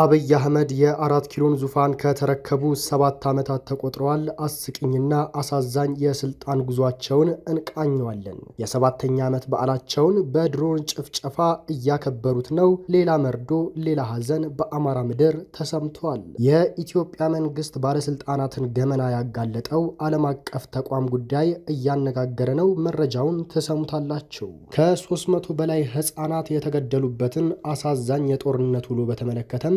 አብይ አህመድ የአራት ኪሎን ዙፋን ከተረከቡ ሰባት ዓመታት ተቆጥረዋል። አስቂኝና አሳዛኝ የስልጣን ጉዟቸውን እንቃኘዋለን። የሰባተኛ ዓመት በዓላቸውን በድሮን ጭፍጨፋ እያከበሩት ነው። ሌላ መርዶ፣ ሌላ ሐዘን በአማራ ምድር ተሰምቷል። የኢትዮጵያ መንግስት ባለስልጣናትን ገመና ያጋለጠው ዓለም አቀፍ ተቋም ጉዳይ እያነጋገረ ነው። መረጃውን ትሰሙታላችሁ። ከ300 በላይ ህፃናት የተገደሉበትን አሳዛኝ የጦርነት ውሎ በተመለከተም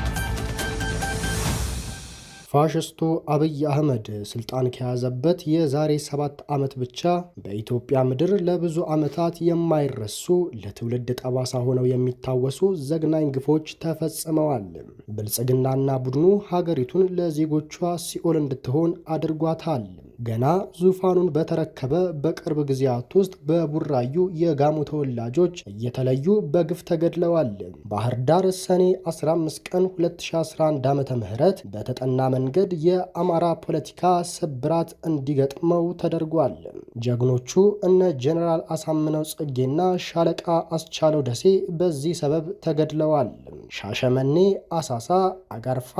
ፋሽስቱ አብይ አህመድ ስልጣን ከያዘበት የዛሬ ሰባት ዓመት ብቻ በኢትዮጵያ ምድር ለብዙ ዓመታት የማይረሱ ለትውልድ ጠባሳ ሆነው የሚታወሱ ዘግናኝ ግፎች ተፈጽመዋል። ብልጽግናና ቡድኑ ሀገሪቱን ለዜጎቿ ሲኦል እንድትሆን አድርጓታል። ገና ዙፋኑን በተረከበ በቅርብ ጊዜያት ውስጥ በቡራዩ የጋሞ ተወላጆች እየተለዩ በግፍ ተገድለዋል። ባህር ዳር ሰኔ 15 ቀን 2011 ዓ ም በተጠና መንገድ የአማራ ፖለቲካ ስብራት እንዲገጥመው ተደርጓል። ጀግኖቹ እነ ጀኔራል አሳምነው ጽጌና ሻለቃ አስቻለው ደሴ በዚህ ሰበብ ተገድለዋል። ሻሸመኔ፣ አሳሳ፣ አጋርፋ፣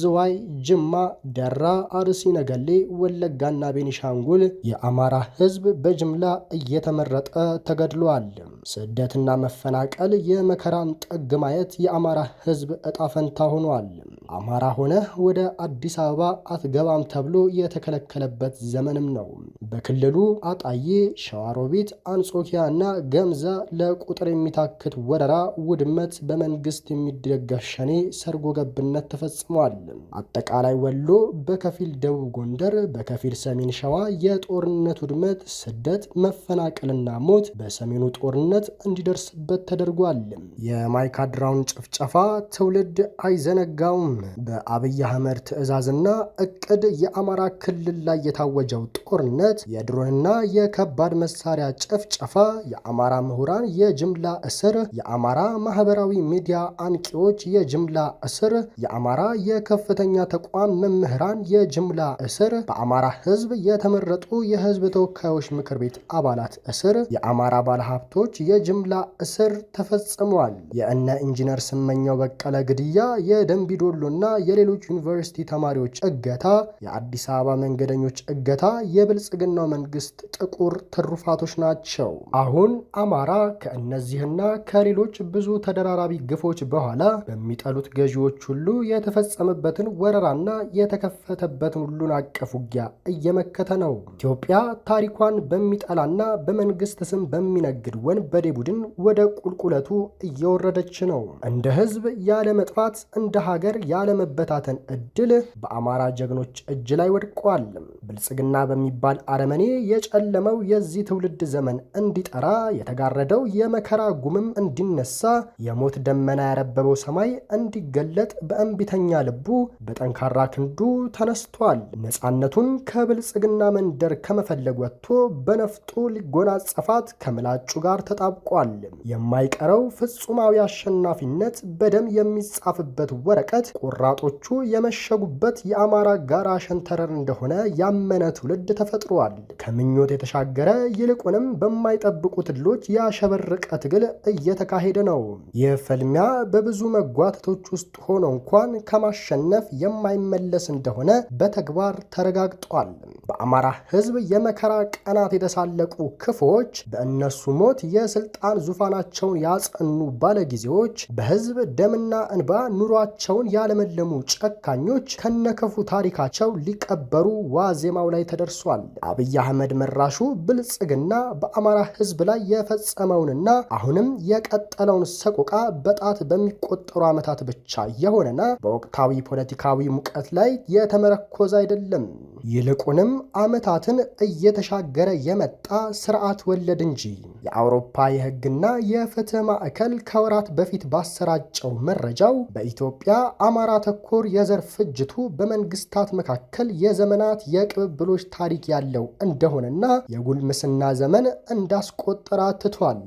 ዝዋይ፣ ጅማ፣ ደራ፣ አርሲ ነገሌ፣ ወለጋና ቤኒሻንጉል የአማራ ሕዝብ በጅምላ እየተመረጠ ተገድሏል። ስደትና መፈናቀል፣ የመከራን ጥግ ማየት የአማራ ሕዝብ እጣ ፈንታ ሆኗል። አማራ ሆነህ ወደ አዲስ አበባ አትገባም ተብሎ የተከለከለበት ዘመንም ነው። በክልሉ አጣዬ፣ ሸዋሮቢት፣ አንጾኪያ እና ገምዛ ለቁጥር የሚታክት ወረራ፣ ውድመት በመንግስት የሚ ደግጋሻኔ ሰርጎ ገብነት ተፈጽሟል። አጠቃላይ ወሎ በከፊል ደቡብ ጎንደር፣ በከፊል ሰሜን ሸዋ የጦርነት ውድመት፣ ስደት፣ መፈናቀልና ሞት በሰሜኑ ጦርነት እንዲደርስበት ተደርጓል። የማይካድራውን ጭፍጨፋ ትውልድ አይዘነጋውም። በአብይ አህመድ ትዕዛዝና እቅድ የአማራ ክልል ላይ የታወጀው ጦርነት የድሮንና የከባድ መሳሪያ ጭፍጨፋ፣ የአማራ ምሁራን የጅምላ እስር፣ የአማራ ማህበራዊ ሚዲያ አንቂ ተጠቂዎች የጅምላ እስር፣ የአማራ የከፍተኛ ተቋም መምህራን የጅምላ እስር፣ በአማራ ሕዝብ የተመረጡ የሕዝብ ተወካዮች ምክር ቤት አባላት እስር፣ የአማራ ባለሀብቶች የጅምላ እስር ተፈጽሟል። የእነ ኢንጂነር ስመኛው በቀለ ግድያ፣ የደንቢዶሎና የሌሎች ዩኒቨርሲቲ ተማሪዎች እገታ፣ የአዲስ አበባ መንገደኞች እገታ የብልጽግናው መንግስት ጥቁር ትሩፋቶች ናቸው። አሁን አማራ ከእነዚህና ከሌሎች ብዙ ተደራራቢ ግፎች በኋላ በኋላ በሚጠሉት ገዢዎች ሁሉ የተፈጸመበትን ወረራና የተከፈተበትን ሁሉን አቀፍ ውጊያ እየመከተ ነው። ኢትዮጵያ ታሪኳን በሚጠላና በመንግስት ስም በሚነግድ ወንበዴ ቡድን ወደ ቁልቁለቱ እየወረደች ነው። እንደ ህዝብ ያለመጥፋት፣ እንደ ሀገር ያለመበታተን እድል በአማራ ጀግኖች እጅ ላይ ወድቋል። ብልጽግና በሚባል አረመኔ የጨለመው የዚህ ትውልድ ዘመን እንዲጠራ የተጋረደው የመከራ ጉምም እንዲነሳ የሞት ደመና ያረበ ያበበው ሰማይ እንዲገለጥ በእምቢተኛ ልቡ በጠንካራ ክንዱ ተነስቷል። ነፃነቱን ከብልጽግና መንደር ከመፈለግ ወጥቶ በነፍጡ ሊጎናጸፋት ከምላጩ ጋር ተጣብቋል። የማይቀረው ፍጹማዊ አሸናፊነት በደም የሚጻፍበት ወረቀት ቆራጦቹ የመሸጉበት የአማራ ጋራ ሸንተረር እንደሆነ ያመነ ትውልድ ተፈጥሯል። ከምኞት የተሻገረ ይልቁንም በማይጠብቁ ትድሎች ያሸበረቀ ትግል እየተካሄደ ነው። ይህ ፍልሚያ በብ በብዙ መጓተቶች ውስጥ ሆኖ እንኳን ከማሸነፍ የማይመለስ እንደሆነ በተግባር ተረጋግጧል። በአማራ ሕዝብ የመከራ ቀናት የተሳለቁ ክፎች፣ በእነሱ ሞት የስልጣን ዙፋናቸውን ያጸኑ ባለጊዜዎች፣ በሕዝብ ደምና እንባ ኑሯቸውን ያለመለሙ ጨካኞች ከነክፉ ታሪካቸው ሊቀበሩ ዋዜማው ላይ ተደርሷል። አብይ አህመድ መራሹ ብልጽግና በአማራ ሕዝብ ላይ የፈጸመውንና አሁንም የቀጠለውን ሰቆቃ በጣት በሚ የሚቆጠሩ ዓመታት ብቻ የሆነና በወቅታዊ ፖለቲካዊ ሙቀት ላይ የተመረኮዘ አይደለም። ይልቁንም ዓመታትን እየተሻገረ የመጣ ስርዓት ወለድ እንጂ። የአውሮፓ የሕግና የፍትህ ማዕከል ከወራት በፊት ባሰራጨው መረጃው በኢትዮጵያ አማራ ተኮር የዘር ፍጅቱ በመንግስታት መካከል የዘመናት የቅብብሎች ታሪክ ያለው እንደሆነና የጉልምስና ዘመን እንዳስቆጠረ አትቷል።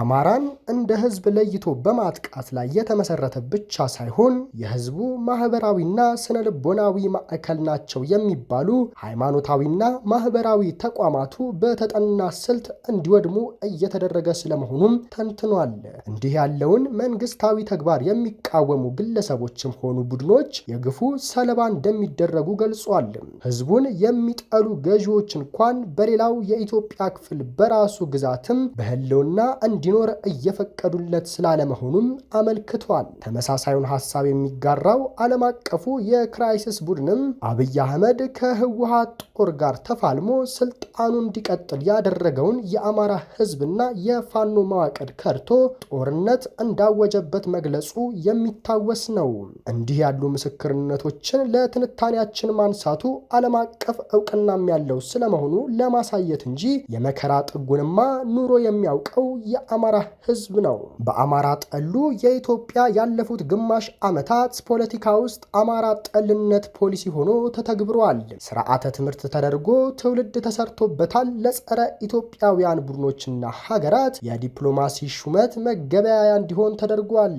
አማራን እንደ ህዝብ ለይቶ በማጥቃት ላይ የተመሰረተ ብቻ ሳይሆን የህዝቡ ማህበራዊና ስነ ልቦናዊ ማዕከል ናቸው የሚባሉ ሃይማኖታዊና ማህበራዊ ተቋማቱ በተጠና ስልት እንዲወድሙ እየተደረገ ስለመሆኑም ተንትኗል። እንዲህ ያለውን መንግስታዊ ተግባር የሚቃወሙ ግለሰቦችም ሆኑ ቡድኖች የግፉ ሰለባ እንደሚደረጉ ገልጿል። ህዝቡን የሚጠሉ ገዢዎች እንኳን በሌላው የኢትዮጵያ ክፍል በራሱ ግዛትም በህልውና እንዲኖር እየፈቀዱለት ስላለመሆኑም አመልክቷል። ተመሳሳዩን ሀሳብ የሚጋራው ዓለም አቀፉ የክራይሲስ ቡድንም አብይ አህመድ ከህ ከህወሓት ጦር ጋር ተፋልሞ ስልጣኑ እንዲቀጥል ያደረገውን የአማራ ህዝብና የፋኖ መዋቅር ከድቶ ጦርነት እንዳወጀበት መግለጹ የሚታወስ ነው። እንዲህ ያሉ ምስክርነቶችን ለትንታኔያችን ማንሳቱ ዓለም አቀፍ እውቅናም ያለው ስለመሆኑ ለማሳየት እንጂ የመከራ ጥጉንማ ኑሮ የሚያውቀው የአማራ ህዝብ ነው። በአማራ ጠሉ የኢትዮጵያ ያለፉት ግማሽ ዓመታት ፖለቲካ ውስጥ አማራ ጠልነት ፖሊሲ ሆኖ ተተግብሯል። ስርዓተ ትምህርት ተደርጎ ትውልድ ተሰርቶበታል። ለጸረ ኢትዮጵያውያን ቡድኖችና ሀገራት የዲፕሎማሲ ሹመት መገበያያ እንዲሆን ተደርጓል።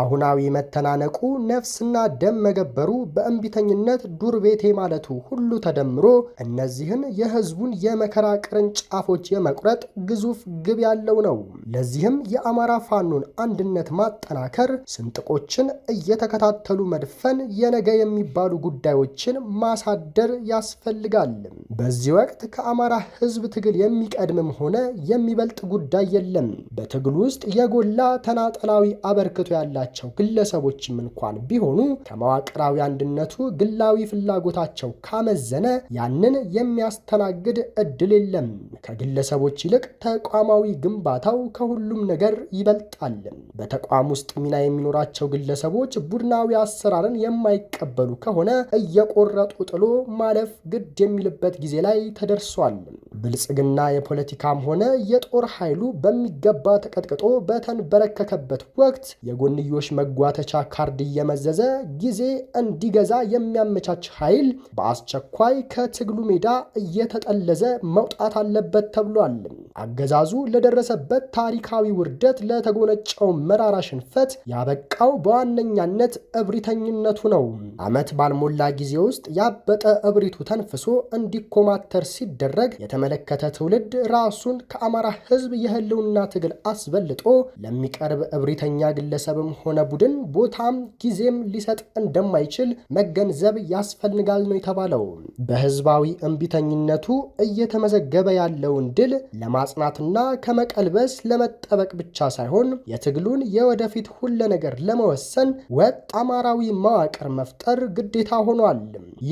አሁናዊ መተናነቁ፣ ነፍስና ደም መገበሩ፣ በእንቢተኝነት ዱር ቤቴ ማለቱ ሁሉ ተደምሮ እነዚህን የህዝቡን የመከራ ቅርንጫፎች የመቁረጥ ግዙፍ ግብ ያለው ነው። ለዚህም የአማራ ፋኖን አንድነት ማጠናከር፣ ስንጥቆችን እየተከታተሉ መድፈን፣ የነገ የሚባሉ ጉዳዮችን ማሳደር ያ ያስፈልጋል። በዚህ ወቅት ከአማራ ህዝብ ትግል የሚቀድምም ሆነ የሚበልጥ ጉዳይ የለም። በትግል ውስጥ የጎላ ተናጠላዊ አበርክቶ ያላቸው ግለሰቦችም እንኳን ቢሆኑ ከመዋቅራዊ አንድነቱ ግላዊ ፍላጎታቸው ካመዘነ ያንን የሚያስተናግድ እድል የለም። ከግለሰቦች ይልቅ ተቋማዊ ግንባታው ከሁሉም ነገር ይበልጣል። በተቋም ውስጥ ሚና የሚኖራቸው ግለሰቦች ቡድናዊ አሰራርን የማይቀበሉ ከሆነ እየቆረጡ ጥሎ ማለፍ ግድ የሚልበት ጊዜ ላይ ተደርሷል። ብልጽግና የፖለቲካም ሆነ የጦር ኃይሉ በሚገባ ተቀጥቅጦ በተንበረከከበት ወቅት የጎንዮሽ መጓተቻ ካርድ እየመዘዘ ጊዜ እንዲገዛ የሚያመቻች ኃይል በአስቸኳይ ከትግሉ ሜዳ እየተጠለዘ መውጣት አለበት ተብሏል። አገዛዙ ለደረሰበት ታሪካዊ ውርደት፣ ለተጎነጨው መራራ ሽንፈት ያበቃው በዋነኛነት እብሪተኝነቱ ነው። ዓመት ባልሞላ ጊዜ ውስጥ ያበጠ እብሪቱ ተንፍሶ እንዲኮማተር ሲደረግ የተመለከተ ትውልድ ራሱን ከአማራ ሕዝብ የህልውና ትግል አስበልጦ ለሚቀርብ እብሪተኛ ግለሰብም ሆነ ቡድን ቦታም ጊዜም ሊሰጥ እንደማይችል መገንዘብ ያስፈልጋል ነው የተባለው። በህዝባዊ እምቢተኝነቱ እየተመዘገበ ያለውን ድል ለማጽናትና ከመቀልበስ ለመጠበቅ ብቻ ሳይሆን የትግሉን የወደፊት ሁለ ነገር ለመወሰን ወጥ አማራዊ መዋቅር መፍጠር ግዴታ ሆኗል።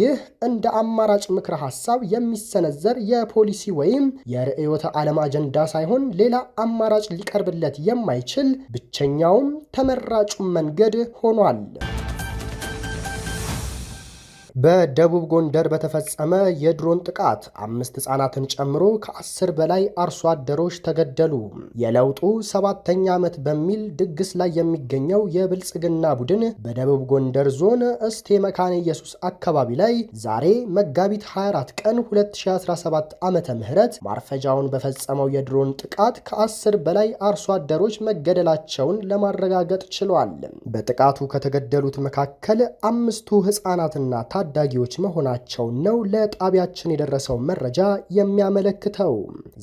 ይህ እንደ አማ አማራጭ ምክረ ሀሳብ የሚሰነዘር የፖሊሲ ወይም የርዕዮተ ዓለም አጀንዳ ሳይሆን ሌላ አማራጭ ሊቀርብለት የማይችል ብቸኛውም ተመራጩ መንገድ ሆኗል። በደቡብ ጎንደር በተፈጸመ የድሮን ጥቃት አምስት ህጻናትን ጨምሮ ከአስር በላይ አርሶ አደሮች ተገደሉ። የለውጡ ሰባተኛ ዓመት በሚል ድግስ ላይ የሚገኘው የብልጽግና ቡድን በደቡብ ጎንደር ዞን እስቴ መካነ ኢየሱስ አካባቢ ላይ ዛሬ መጋቢት 24 ቀን 2017 ዓ. ምህረት ማርፈጃውን በፈጸመው የድሮን ጥቃት ከአስር በላይ አርሶ አደሮች መገደላቸውን ለማረጋገጥ ችሏል። በጥቃቱ ከተገደሉት መካከል አምስቱ ህጻናትና ታ ታዳጊዎች መሆናቸውን ነው ለጣቢያችን የደረሰው መረጃ የሚያመለክተው።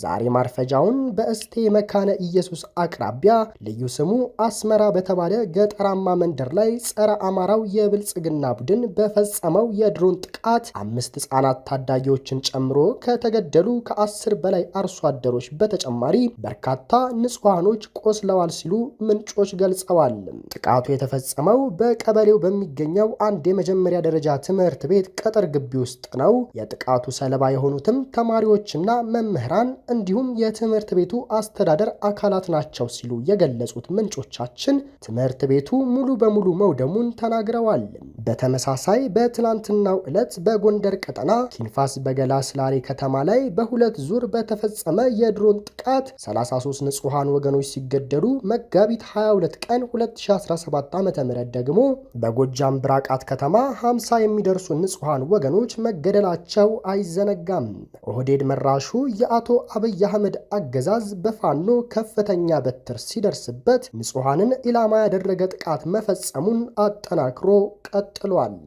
ዛሬ ማርፈጃውን በእስቴ መካነ ኢየሱስ አቅራቢያ ልዩ ስሙ አስመራ በተባለ ገጠራማ መንደር ላይ ጸረ አማራው የብልጽግና ቡድን በፈጸመው የድሮን ጥቃት አምስት ህጻናት ታዳጊዎችን ጨምሮ ከተገደሉ ከአስር በላይ አርሶ አደሮች በተጨማሪ በርካታ ንጹሐኖች ቆስለዋል ሲሉ ምንጮች ገልጸዋል። ጥቃቱ የተፈጸመው በቀበሌው በሚገኘው አንድ የመጀመሪያ ደረጃ ትምህርት ትምህርት ቤት ቅጥር ግቢ ውስጥ ነው። የጥቃቱ ሰለባ የሆኑትም ተማሪዎችና መምህራን እንዲሁም የትምህርት ቤቱ አስተዳደር አካላት ናቸው ሲሉ የገለጹት ምንጮቻችን ትምህርት ቤቱ ሙሉ በሙሉ መውደሙን ተናግረዋል። በተመሳሳይ በትላንትናው ዕለት በጎንደር ቀጠና ኪንፋስ በገላ ስላሬ ከተማ ላይ በሁለት ዙር በተፈጸመ የድሮን ጥቃት 33 ንጹሐን ወገኖች ሲገደሉ መጋቢት 22 ቀን 2017 ዓ.ም ደግሞ በጎጃም ብራቃት ከተማ 50 የሚደርሱ የሚደርሱ ንጹሐን ወገኖች መገደላቸው አይዘነጋም። ኦህዴድ መራሹ የአቶ አብይ አህመድ አገዛዝ በፋኖ ከፍተኛ በትር ሲደርስበት ንጹሐንን ኢላማ ያደረገ ጥቃት መፈጸሙን አጠናክሮ ቀጥሏል።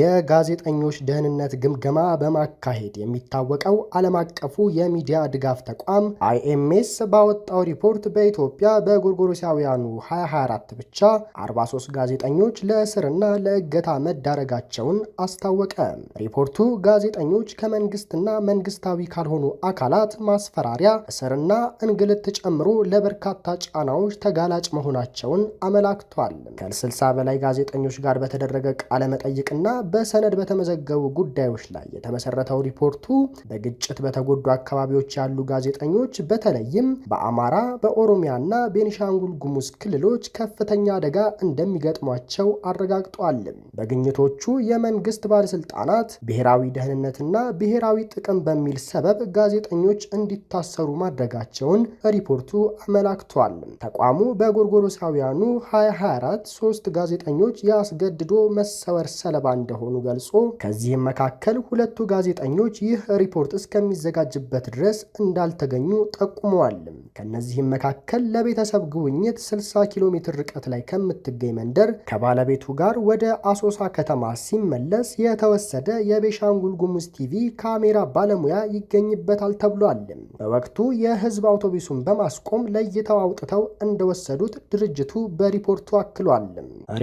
የጋዜጠኞች ደህንነት ግምገማ በማካሄድ የሚታወቀው ዓለም አቀፉ የሚዲያ ድጋፍ ተቋም አይኤምኤስ ባወጣው ሪፖርት በኢትዮጵያ በጎርጎሮሳውያኑ 2024 ብቻ 43 ጋዜጠኞች ለእስርና ለእገታ መዳረጋቸውን አስታወቀ። ሪፖርቱ ጋዜጠኞች ከመንግስትና መንግስታዊ ካልሆኑ አካላት ማስፈራሪያ፣ እስርና እንግልት ጨምሮ ለበርካታ ጫናዎች ተጋላጭ መሆናቸውን አመላክቷል። ከ60 በላይ ጋዜጠኞች ጋር በተደረገ ቃለመጠይቅና በሰነድ በተመዘገቡ ጉዳዮች ላይ የተመሰረተው ሪፖርቱ በግጭት በተጎዱ አካባቢዎች ያሉ ጋዜጠኞች በተለይም በአማራ በኦሮሚያ እና ቤኒሻንጉል ጉሙዝ ክልሎች ከፍተኛ አደጋ እንደሚገጥሟቸው አረጋግጧል። በግኝቶቹ የመንግስት ባለስልጣናት ብሔራዊ ደህንነትና ብሔራዊ ጥቅም በሚል ሰበብ ጋዜጠኞች እንዲታሰሩ ማድረጋቸውን ሪፖርቱ አመላክቷል። ተቋሙ በጎርጎሮሳውያኑ 2024 ሶስት ጋዜጠኞች የአስገድዶ መሰወር ሰለባ እንደሆኑ ገልጾ ከዚህም መካከል ሁለቱ ጋዜጠኞች ይህ ሪፖርት እስከሚዘጋጅበት ድረስ እንዳልተገኙ ጠቁመዋል። ከነዚህም መካከል ለቤተሰብ ጉብኝት 60 ኪሎ ሜትር ርቀት ላይ ከምትገኝ መንደር ከባለቤቱ ጋር ወደ አሶሳ ከተማ ሲመለስ የተወሰደ የቤሻንጉል ጉሙዝ ቲቪ ካሜራ ባለሙያ ይገኝበታል ተብሏል። በወቅቱ የህዝብ አውቶቡሱን በማስቆም ለይተው አውጥተው እንደወሰዱት ድርጅቱ በሪፖርቱ አክሏል።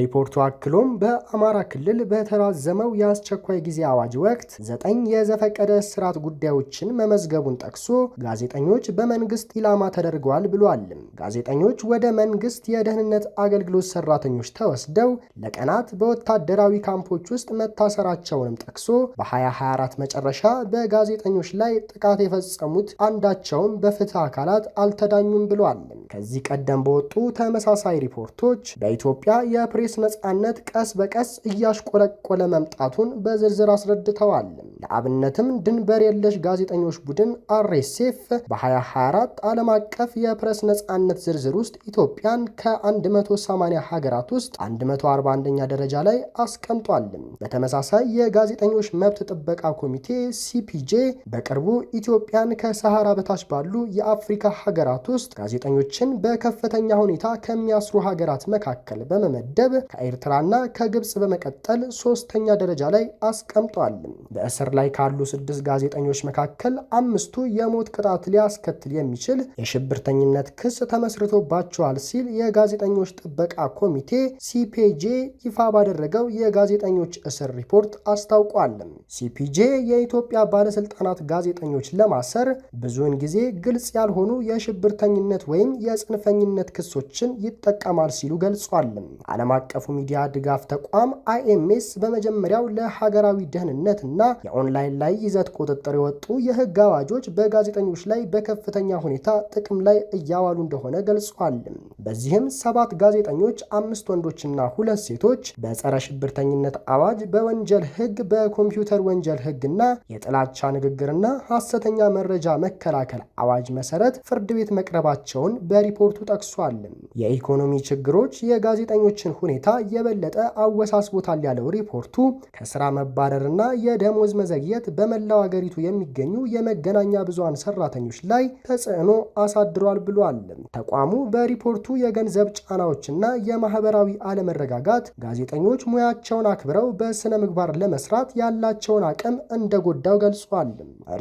ሪፖርቱ አክሎም በአማራ ክልል በተራ በተራዘመው የአስቸኳይ ጊዜ አዋጅ ወቅት ዘጠኝ የዘፈቀደ እስራት ጉዳዮችን መመዝገቡን ጠቅሶ ጋዜጠኞች በመንግስት ኢላማ ተደርገዋል ብሏል። ጋዜጠኞች ወደ መንግስት የደህንነት አገልግሎት ሰራተኞች ተወስደው ለቀናት በወታደራዊ ካምፖች ውስጥ መታሰራቸውንም ጠቅሶ በ2024 መጨረሻ በጋዜጠኞች ላይ ጥቃት የፈጸሙት አንዳቸውም በፍትህ አካላት አልተዳኙም ብሏል። ከዚህ ቀደም በወጡ ተመሳሳይ ሪፖርቶች በኢትዮጵያ የፕሬስ ነጻነት ቀስ በቀስ እያሽቆለቆለ አለመምጣቱን በዝርዝር አስረድተዋል። ለአብነትም ድንበር የለሽ ጋዜጠኞች ቡድን አርኤስኤፍ በ2024 ዓለም አቀፍ የፕረስ ነጻነት ዝርዝር ውስጥ ኢትዮጵያን ከ180 ሀገራት ውስጥ 141ኛ ደረጃ ላይ አስቀምጧል። በተመሳሳይ የጋዜጠኞች መብት ጥበቃ ኮሚቴ ሲፒጄ በቅርቡ ኢትዮጵያን ከሰሃራ በታች ባሉ የአፍሪካ ሀገራት ውስጥ ጋዜጠኞችን በከፍተኛ ሁኔታ ከሚያስሩ ሀገራት መካከል በመመደብ ከኤርትራና ከግብፅ በመቀጠል ሶስት አራተኛ ደረጃ ላይ አስቀምጧል። በእስር ላይ ካሉ ስድስት ጋዜጠኞች መካከል አምስቱ የሞት ቅጣት ሊያስከትል የሚችል የሽብርተኝነት ክስ ተመስርቶባቸዋል ሲል የጋዜጠኞች ጥበቃ ኮሚቴ ሲፒጄ ይፋ ባደረገው የጋዜጠኞች እስር ሪፖርት አስታውቋል። ሲፒጄ የኢትዮጵያ ባለስልጣናት ጋዜጠኞች ለማሰር ብዙውን ጊዜ ግልጽ ያልሆኑ የሽብርተኝነት ወይም የጽንፈኝነት ክሶችን ይጠቀማል ሲሉ ገልጿል። ዓለም አቀፉ ሚዲያ ድጋፍ ተቋም አይኤምኤስ በመ የመጀመሪያው ለሀገራዊ ደህንነት እና የኦንላይን ላይ ይዘት ቁጥጥር የወጡ የህግ አዋጆች በጋዜጠኞች ላይ በከፍተኛ ሁኔታ ጥቅም ላይ እያዋሉ እንደሆነ ገልጿል። በዚህም ሰባት ጋዜጠኞች፣ አምስት ወንዶችና ሁለት ሴቶች በጸረ ሽብርተኝነት አዋጅ፣ በወንጀል ህግ፣ በኮምፒውተር ወንጀል ህግና የጥላቻ ንግግርና ሐሰተኛ መረጃ መከላከል አዋጅ መሰረት ፍርድ ቤት መቅረባቸውን በሪፖርቱ ጠቅሷል። የኢኮኖሚ ችግሮች የጋዜጠኞችን ሁኔታ የበለጠ አወሳስቦታል ያለው ሪፖርቱ በወቅቱ ከስራ መባረርና የደሞዝ መዘግየት በመላው አገሪቱ የሚገኙ የመገናኛ ብዙሃን ሰራተኞች ላይ ተጽዕኖ አሳድሯል ብሏል። ተቋሙ በሪፖርቱ የገንዘብ ጫናዎችና የማህበራዊ አለመረጋጋት ጋዜጠኞች ሙያቸውን አክብረው በስነ ምግባር ለመስራት ያላቸውን አቅም እንደጎዳው ገልጿል።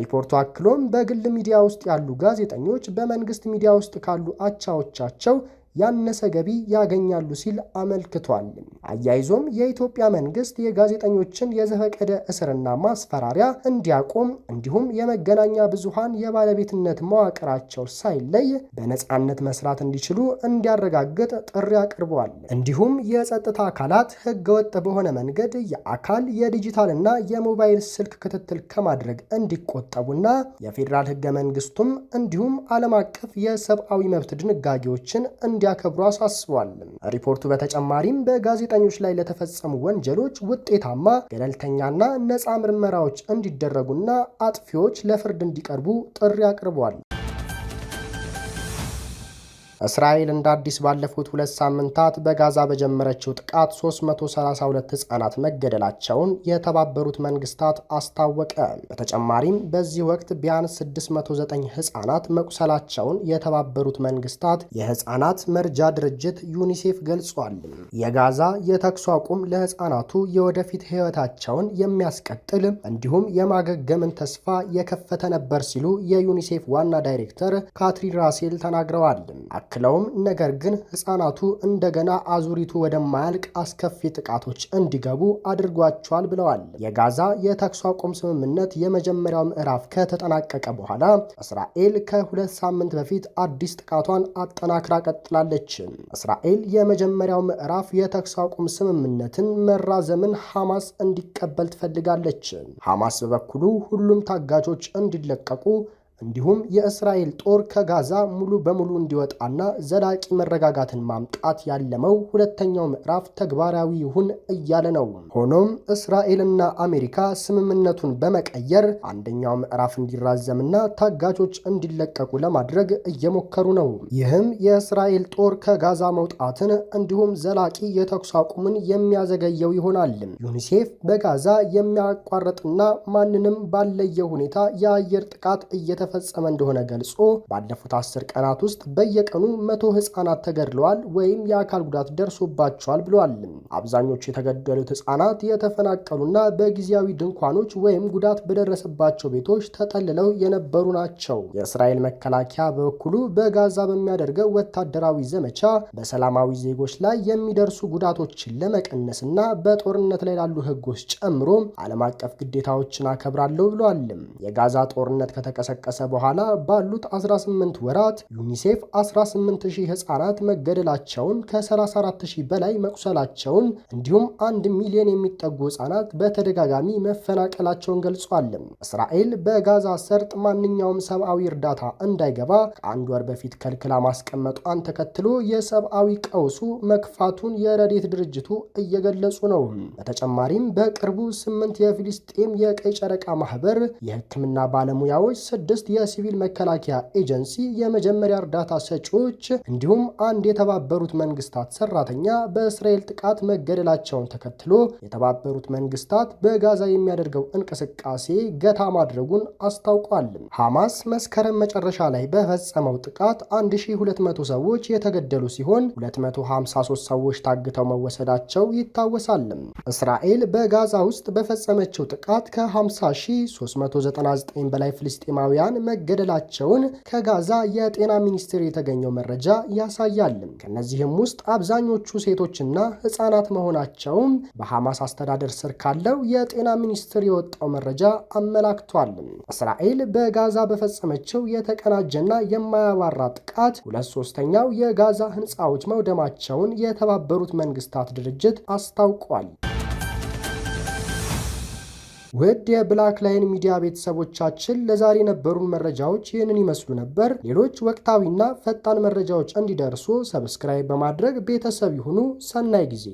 ሪፖርቱ አክሎም በግል ሚዲያ ውስጥ ያሉ ጋዜጠኞች በመንግስት ሚዲያ ውስጥ ካሉ አቻዎቻቸው ያነሰ ገቢ ያገኛሉ ሲል አመልክቷል። አያይዞም የኢትዮጵያ መንግስት የጋዜጠኞችን የዘፈቀደ እስርና ማስፈራሪያ እንዲያቆም እንዲሁም የመገናኛ ብዙሃን የባለቤትነት መዋቅራቸው ሳይለይ በነፃነት መስራት እንዲችሉ እንዲያረጋግጥ ጥሪ አቅርበዋል። እንዲሁም የጸጥታ አካላት ህገወጥ በሆነ መንገድ የአካል የዲጂታልና የሞባይል ስልክ ክትትል ከማድረግ እንዲቆጠቡና የፌዴራል ህገ መንግስቱም እንዲሁም ዓለም አቀፍ የሰብአዊ መብት ድንጋጌዎችን እንዲ እንዲያከብሩ አሳስቧል። ሪፖርቱ በተጨማሪም በጋዜጠኞች ላይ ለተፈጸሙ ወንጀሎች ውጤታማ ገለልተኛና ነፃ ምርመራዎች እንዲደረጉና አጥፊዎች ለፍርድ እንዲቀርቡ ጥሪ አቅርቧል። እስራኤል እንደ አዲስ ባለፉት ሁለት ሳምንታት በጋዛ በጀመረችው ጥቃት 332 ህጻናት መገደላቸውን የተባበሩት መንግስታት አስታወቀ። በተጨማሪም በዚህ ወቅት ቢያንስ 609 ህጻናት መቁሰላቸውን የተባበሩት መንግስታት የህጻናት መርጃ ድርጅት ዩኒሴፍ ገልጿል። የጋዛ የተኩስ አቁም ለህጻናቱ የወደፊት ህይወታቸውን የሚያስቀጥል እንዲሁም የማገገምን ተስፋ የከፈተ ነበር ሲሉ የዩኒሴፍ ዋና ዳይሬክተር ካትሪን ራሴል ተናግረዋል። አክለውም ነገር ግን ህፃናቱ እንደገና አዙሪቱ ወደማያልቅ አስከፊ ጥቃቶች እንዲገቡ አድርጓቸዋል ብለዋል። የጋዛ የተኩስ አቁም ስምምነት የመጀመሪያው ምዕራፍ ከተጠናቀቀ በኋላ እስራኤል ከሁለት ሳምንት በፊት አዲስ ጥቃቷን አጠናክራ ቀጥላለች። እስራኤል የመጀመሪያው ምዕራፍ የተኩስ አቁም ስምምነትን መራዘምን ሐማስ እንዲቀበል ትፈልጋለች። ሐማስ በበኩሉ ሁሉም ታጋቾች እንዲለቀቁ እንዲሁም የእስራኤል ጦር ከጋዛ ሙሉ በሙሉ እንዲወጣና ዘላቂ መረጋጋትን ማምጣት ያለመው ሁለተኛው ምዕራፍ ተግባራዊ ይሁን እያለ ነው። ሆኖም እስራኤልና አሜሪካ ስምምነቱን በመቀየር አንደኛው ምዕራፍ እንዲራዘምና ታጋቾች እንዲለቀቁ ለማድረግ እየሞከሩ ነው። ይህም የእስራኤል ጦር ከጋዛ መውጣትን እንዲሁም ዘላቂ የተኩስ አቁምን የሚያዘገየው ይሆናል። ዩኒሴፍ በጋዛ የሚያቋርጥና ማንንም ባለየ ሁኔታ የአየር ጥቃት እየተፈ እየተፈጸመ እንደሆነ ገልጾ ባለፉት አስር ቀናት ውስጥ በየቀኑ መቶ ህጻናት ተገድለዋል ወይም የአካል ጉዳት ደርሶባቸዋል ብለዋል። አብዛኞቹ የተገደሉት ህጻናት የተፈናቀሉና በጊዜያዊ ድንኳኖች ወይም ጉዳት በደረሰባቸው ቤቶች ተጠልለው የነበሩ ናቸው። የእስራኤል መከላከያ በበኩሉ በጋዛ በሚያደርገው ወታደራዊ ዘመቻ በሰላማዊ ዜጎች ላይ የሚደርሱ ጉዳቶችን ለመቀነስና በጦርነት ላይ ላሉ ህጎች ጨምሮ ዓለም አቀፍ ግዴታዎችን አከብራለሁ ብለዋል። የጋዛ ጦርነት ከተቀሰቀሰ በኋላ ባሉት 18 ወራት ዩኒሴፍ 18000 ህጻናት መገደላቸውን ከ34000 በላይ መቁሰላቸውን እንዲሁም 1 ሚሊዮን የሚጠጉ ህጻናት በተደጋጋሚ መፈናቀላቸውን ገልጿል። እስራኤል በጋዛ ሰርጥ ማንኛውም ሰብአዊ እርዳታ እንዳይገባ ከአንድ ወር በፊት ከልክላ ማስቀመጧን ተከትሎ የሰብአዊ ቀውሱ መክፋቱን የረዴት ድርጅቱ እየገለጹ ነው። በተጨማሪም በቅርቡ ስምንት የፊልስጤም የቀይ ጨረቃ ማህበር የህክምና ባለሙያዎች ስድስት ውስጥ የሲቪል መከላከያ ኤጀንሲ የመጀመሪያ እርዳታ ሰጪዎች እንዲሁም አንድ የተባበሩት መንግስታት ሰራተኛ በእስራኤል ጥቃት መገደላቸውን ተከትሎ የተባበሩት መንግስታት በጋዛ የሚያደርገው እንቅስቃሴ ገታ ማድረጉን አስታውቋል። ሐማስ መስከረም መጨረሻ ላይ በፈጸመው ጥቃት 1200 ሰዎች የተገደሉ ሲሆን 253 ሰዎች ታግተው መወሰዳቸው ይታወሳል። እስራኤል በጋዛ ውስጥ በፈጸመችው ጥቃት ከ50399 በላይ ፍልስጤማውያን ኢትዮጵያውያን መገደላቸውን ከጋዛ የጤና ሚኒስቴር የተገኘው መረጃ ያሳያል። ከእነዚህም ውስጥ አብዛኞቹ ሴቶችና ህጻናት መሆናቸውም በሐማስ አስተዳደር ስር ካለው የጤና ሚኒስቴር የወጣው መረጃ አመላክቷል። እስራኤል በጋዛ በፈጸመችው የተቀናጀና የማያባራ ጥቃት ሁለት ሶስተኛው የጋዛ ህንፃዎች መውደማቸውን የተባበሩት መንግስታት ድርጅት አስታውቋል። ውድ የብላክ ላይን ሚዲያ ቤተሰቦቻችን ለዛሬ የነበሩን መረጃዎች ይህንን ይመስሉ ነበር። ሌሎች ወቅታዊና ፈጣን መረጃዎች እንዲደርሱ ሰብስክራይብ በማድረግ ቤተሰብ ይሁኑ። ሰናይ ጊዜ